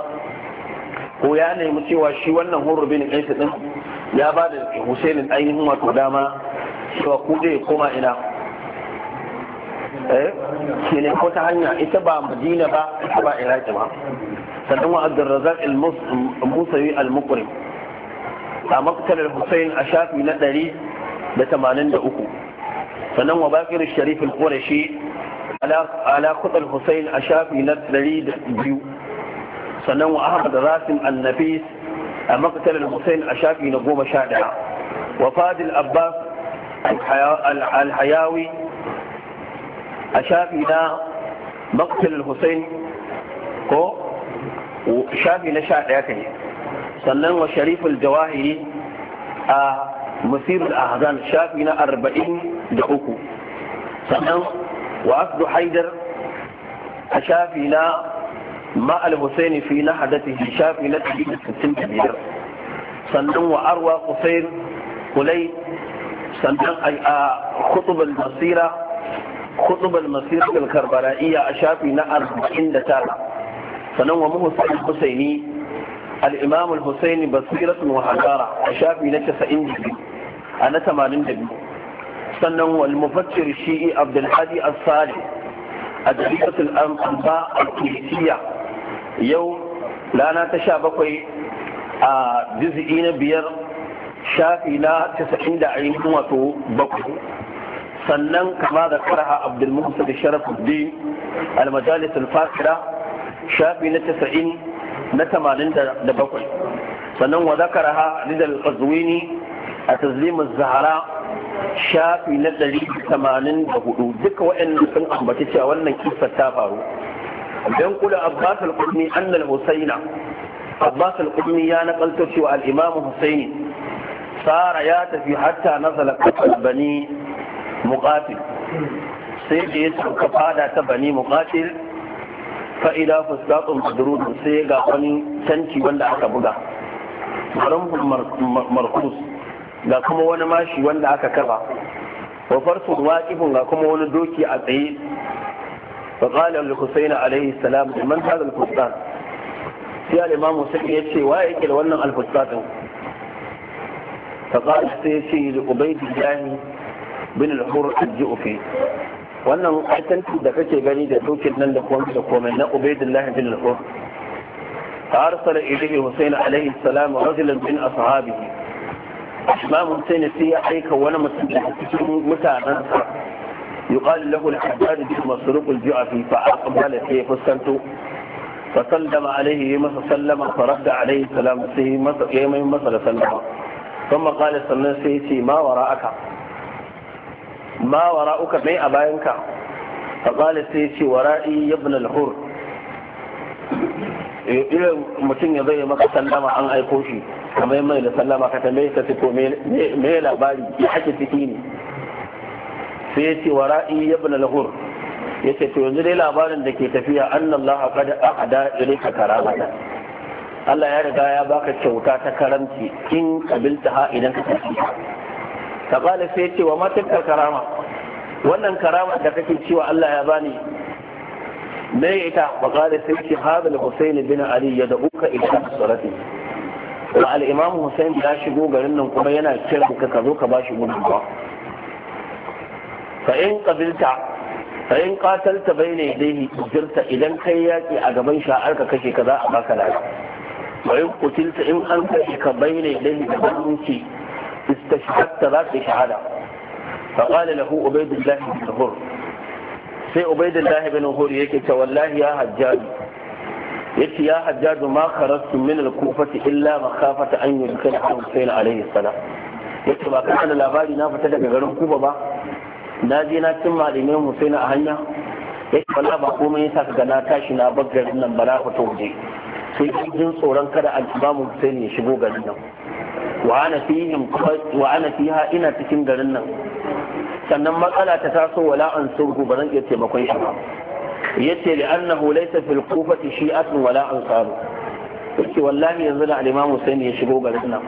ko ya nemi cewa shi wannan Hurr bin Qais din ya ba da Hussein ainihin wato dama cewa ku zai koma ina eh ne ko ta hanya ita ba Madina ba ita ba Iraq ba sannan wa Abdurrazzaq al-Musawi al-Muqri a maktalar hussein a shafi na ɗari da tamanin da uku sannan wa baƙir sharif al-qurashi ala kutsal hussein a shafi na ɗari da biyu sannan wa ahmad rasim annafis a maktalar hussein a shafi na goma sha ɗaya wa fadil abbas alhayawi a shafi na maktalar hussein ko shafi na sha ɗaya ka ne sannan wa shariful jawahiri a musirul ahzan shafi na arba'in da uku sannan wa asdu haidar a shafi na ma'al husaini fi na hadatihi shafi na 65 sannan wa arwa kusair kulai sannan a khutubal masira khutubal masira al karbara'iyya a shafi na 49 sannan wa muhsin husaini al-imam al-husayn basiratun wa a shafi na 92 a na 82 sannan wal mufassir shi'i abdul as-sali a dalilatul anba al-kulisiyya yau rana ta 17 a juz'i na biyar shafi na da wato bakwai sannan kama da karaha abdul musa da sharafuddin al-majalis al-fasira shafi na 90 na bakwai sannan wa zakaraha lidal qazwini a tazlimin zahara shafi na hudu duka waɗanda sun ambaci cewa wannan kisa ta faru dan kula abbas al-qurni anna al-husayna abbas al-qurni ya nakalto cewa al-imam husaini sara ya tafi hatta nazala qatl bani muqatil sai da ya sauka fada ta bani muqatil fa'ida fusdatun kudurud sai ga wani canci wanda aka buga marhum markus ga kuma wani mashi wanda aka kaba wa farsun waqifun ga kuma wani doki a tsaye fa qala al-husayn alayhi salam man hadha al-fustat sai al-imam sai yace waye yake da wannan al-fustatin fa qala sai da li ubaydillah bin al-hur ajju fi wannan aikanci da kake gani da dokin nan da kuma da komai na ubaidullahi bin al-qur arsala ilayhi husayn alayhi salam rajulan min ashabihi imam husayn sai ya aika wani mutum da cikin mutanen sa yuqal lahu al-haddad bin masruq al-ju'afi fa aqbala sai fuskanto fa sallama alayhi masa sallama fa radda masa ثم قال سنن سيتي ما وراءك ma uka mai a bayanka fa qala sai ce wara'i ibn al-hur eh, irin mutum ya zai maka sallama an aiko shi kamar mai da sallama ka tambaye ka fito me labari ya ake ciki ne sai ya ce wa ra'i ya bin lahur ya ce to yanzu dai labarin da ke tafiya annallah qad aqada ilayka karamata Allah ya riga ya baka kyauta ta karamci in kabilta ha idan ka tafi faƙala sai ce wa matakar karama wannan karama da kake cewa Allah ya bani me ita faƙala sai ce hadal husaini bin ali ya da'uka ila sarati wa al imam husain ya shigo garin nan kuma yana kira ka ka zo ka bashi gudunmawa fa in qabilta fa in qatalta bayna yadayhi jirta idan kai yaki a gaban shi har ka ka za a baka lafiya wa in qutilta in an kashe ka bayna yadayhi da banki استشهدت za ka فقال له عبيد الله بن هور sai عبيد الله بن yake ta wallahi ya حجاج يكي ya حجاج ما خرجت min al إلا illa أن an yulkana عليه الصلاة salam ba kana da labari na fita daga garin Kuba ba na je na cin malamin a hanya yace wallahi ba komai yasa kaga na tashi na bar garin nan ba na fito waje sai jin tsoron kada al-Imam Hussein ya shigo garin nan wa ana fihim wa fiha ina cikin garin nan sannan matsala ta taso wala an sulhu ba zan iya taimakon shi ba yace li annahu laysa fil kufati shi'atun wala ansaru yace wallahi yanzu da al-imam Hussein ya shigo garin nan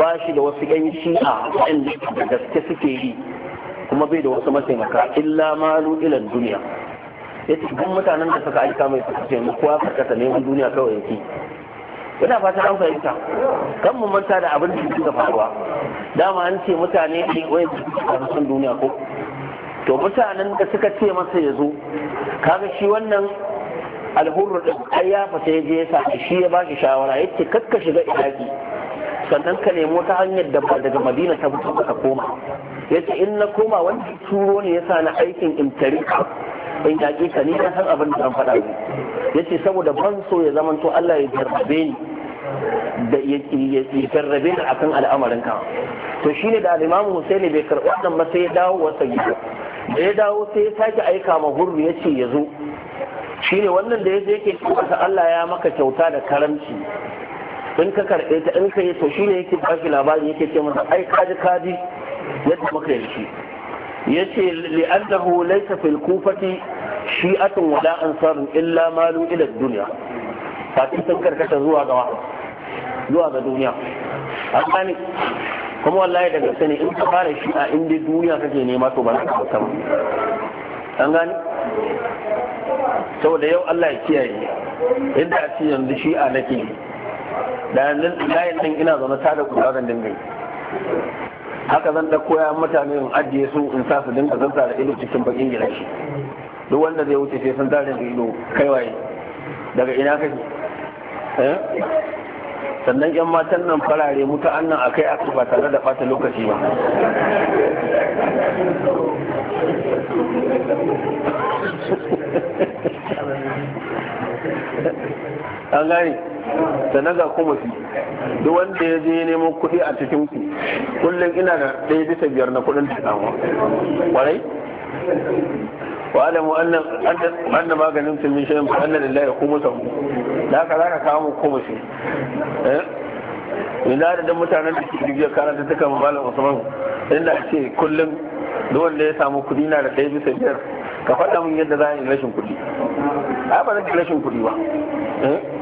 ba shi da wasu yan shi'a waɗanda da gaske suke yi kuma bai da wasu mataimaka illa malu ila duniya yace duk mutanen da suka aika mai suka ce mu kowa karkata neman duniya kawai yake ina fatan an fahimta kan mu manta da abin da suka faruwa dama an ce mutane ne wai su sun duniya ko to mutanen da suka ce masa ya zo kaga shi wannan alhurru din ai ya fata ya je ya sa shi ya bashi shawara yace kakka shiga iraki sannan ka nemo ta hanyar da daga madina ta fito ka koma yace in na koma wani turo ne yasa na aikin imtari bai yaƙe ka ni har abin da zan faɗa ne yace saboda ban so ya zamanto Allah ya jarrabe ni da ya jarrabe ni akan al'amarin ka to shine da al-Imam Husaini bai karɓi wannan ba sai ya dawo wasa gida da ya dawo sai ya sake aika ma hurru yace ya zo shine wannan da yaje yake cewa Allah ya maka kyauta da karamci in ka karɓe ta in ka yi to shine yake ba shi labari yake ce masa ai kaji kaji yadda maka yi yace li'annahu laysa fil kufati wada wala ansarun illa malu ila dunya fatin sun karkata zuwa ga zuwa ga duniya an gane kuma wallahi daga sani in ka fara shi a inda duniya kake nema to ba za ka samu an gane saboda yau Allah ya kiyaye inda a ce yanzu shi a nake da yanzu nan ina zaune tare da kura zan dinga haka zan dauko ya mutane in ajiye su in sa su dinga zanta da ido cikin bakin gidan shi duk wanda zai wuce sai sun zare da ido kai waye daga ina kake eh? sannan yan matan nan farare ta annan akai a ba tare da bata lokaci ba Thank you. an gane sannan ga kuma fi duk wanda ya je nemo kuɗi a cikin ku kullum ina da ɗaya bisa biyar na kuɗin tunawa kwarai wa alamu annan maganin tun min shayin fa anna lillahi khumusahu da haka zaka kawo khumusi eh ina da dan mutanen da ke dubiya karanta ta kama malam Usman inda ce kullum duk wanda ya samu kuɗi na da ɗaya bisa biyar ka faɗa mun yadda za a yi rashin kuɗi a ba zan rashin kuɗi ba eh?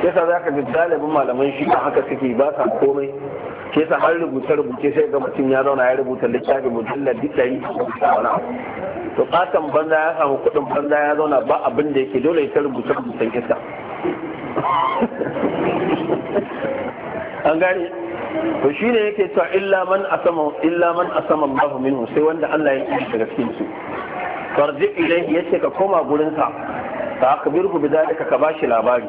kesa za ka ga dalibin malaman shi kan haka suke ba sa komai ke sa har rubuta rubuce sai ga mutum ya zauna ya rubuta littafin mujallar dikari to katon banza ya samu kudin banza ya zauna ba abin da yake dole ya rubuta rubutan kesa an gane to shine yake cewa illa man asama illa man asama Allahu minhu sai wanda Allah ya yi daga cikin su farji ilai yace ka koma gurin sa fa akbirhu bidalika ka bashi labari